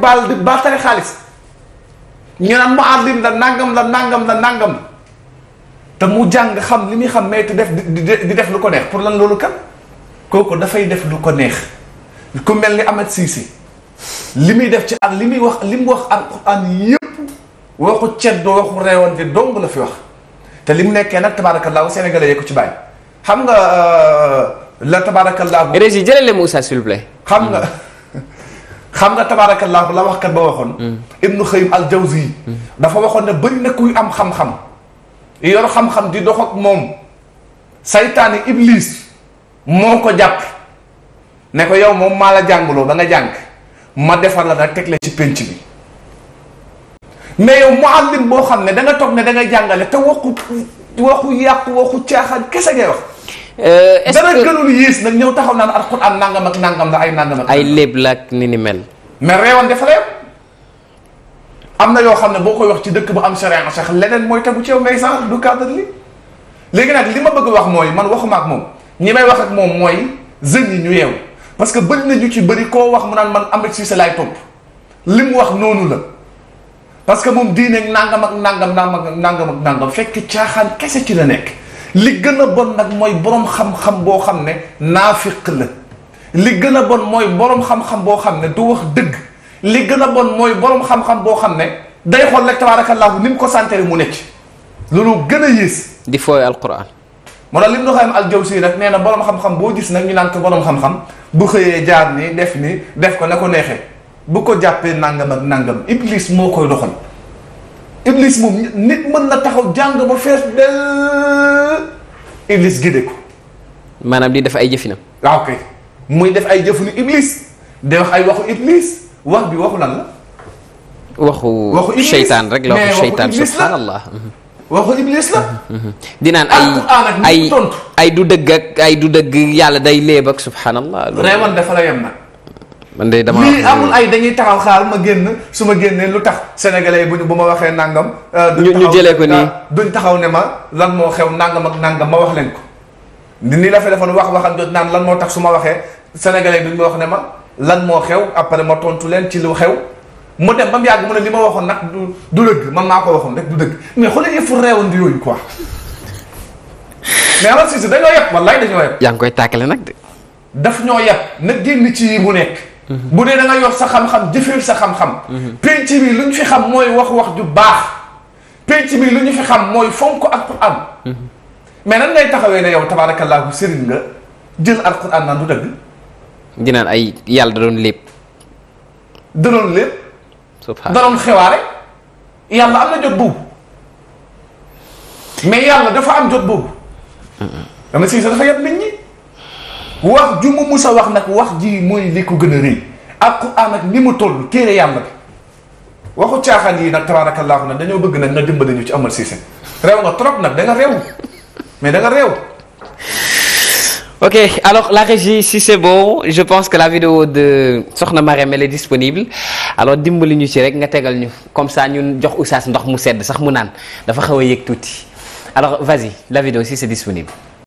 baal di baatale xaalis ñu naan muallim la nangam la nangam la nangam te mu jàng xam li muy xam mais te def di def lu ko neex pour lan loolu kan kooku dafay def lu ko neex ku mel ni Ahmed Cissé li muy def ci ak li muy wax li mu wax alquran yëpp waxu ceddoo waxu reewante dong la fi wax te li mu nekkee nag tabaarakallaahu sénégalais yee ko ci bàyyi xam nga euh, la tabaarakallaahu. régie jëlale Moussa s'il vous plaît. xam nga. Mm-hmm. xam nga tabaarakallaahu la waxkat ba waxoon. Hmm. ibnu xëyim al jawzi hmm. dafa waxoon ne bëri na kuy am xam-xam. yor xam-xam di dox ak moom. saytaani iblis. moo ko jàpp. ne ko yow moom maa la jàngloo ba nga jàng. ma defar la nag teg la ci pénc bi. mais yow mu muallim boo xam ne da nga toog ne da nga jàngale te waxu waxu yàq waxu caaxaan kese ngay wax. Euh, est ce que dara gënul yées nag ñëw taxaw naan alxuraan nangam ak nangam la ay nangam ak. ay léeb la ak ni ni mel. mais réewan dafa réew am na yoo xam ne boo koy wax ci dëkk bu am sariya sax leneen mooy tegu ci yow ngay sànq du cadre li léegi nag li ma bëgg wax mooy man waxuma ak moom ñi may wax ak moom mooy jeunes yi ñu yeew parce que bëri na ñu ci bëri koo wax mu naan man am Ahmed Cissé laay topp li mu wax noonu la parce que moom diine nangam ak nangam nangam ak nangam nangam fekk caaxaan kese ci la nekk. li gën a bon nag mooy boroom xam-xam boo xam ne naafiq la li gën a bon mooy boroom xam-xam boo xam ne du wax dëgg li gën a bon mooy boroom xam-xam boo xam ne day xool rek tabaarakallahu ni mu ko santere mu nekk loolu gën a yées. di fooy alquran. moo tax lim nga xam aljawsi nag nee na boroom xam-xam boo gis nag ñu naan boroom xam-xam bu xëyee jaar nii def nii def ko na ko neexee bu ko jàppee nangam ak nangam moo koy doxal. iblis moom nit mën na taxaw jàng ba fees del di def ay jëfinam. waaw ah, kay muy def ay jëfinu iblis de wax ay waxu iblis wax bi waxu lan la. waxu. waxu iblis rek la waxu seytaan subhanallah mhm. waxu iblis la. Mhm, mhm, dinaan ay du dëgg ak du dëgg yàlla day léeb ak subhanallah. reewan dafa man de dama lii ay dañuy taxaw xaar ma génn su ma génnee lu tax sénégalais bu ñu bu ma waxee nangam. Euh, ñu ñu jëlee ko nii euh, taxaw ne ma lan moo xew nangam ak nangam ma wax leen ko. nii la fi defoon wax waxam jot naan lan moo tax su ma waxee sénégalais duñ ma wax ne ma lan moo xew après ma tontu leen ci lu xew. mu dem ba mu yàgg mu ne li ma waxoon nag du du dëgg man maa ko waxoon rek du dëgg mais xoolal yëfu réewandi yooyu quoi mais alors si si dañoo yeb wallaay dañoo yeb. yaa ngi koy tàkkale nag de. daf ñoo yeb na génn ci yi mu nekk. bu dee da nga yor sa xam-xam jëfeel sa xam-xam. penc bi lu ñu fi xam mooy wax-wax ju baax penc bi lu ñu fi xam mooy fonk alquran. mais nan ngay taxawee ne yow tabaarakallaahu sëriñ nga jël alquran naan du dëgg. dinaan ay yàlla da doon lépp. da doon lépp. da doon xewaare yàlla am na jot boobu mais yàlla dafa am jot boobu. dama si sax dafa yab nit ñi. wax ju mu mus a wax nag wax ji mooy li ko gën a rëy alquran nag ni mu toll téere yàlla bi waxu caaxaan yi nag tabaarakallaahu nag dañoo bëgg nag nga dimbali ñu ci amal siise réew nga trop nag da nga réew mais da nga réew. ok alors la régie si c'est bon je pense que la vidéo de Soxna Marème elle est disponible alors dimbali ñu ci rek nga tegal ñu comme ça ñun jox Oustaz ndox mu sedd sax mu naan dafa xaw a yéeg tuuti alors vas-y la vidéo si c'est disponible.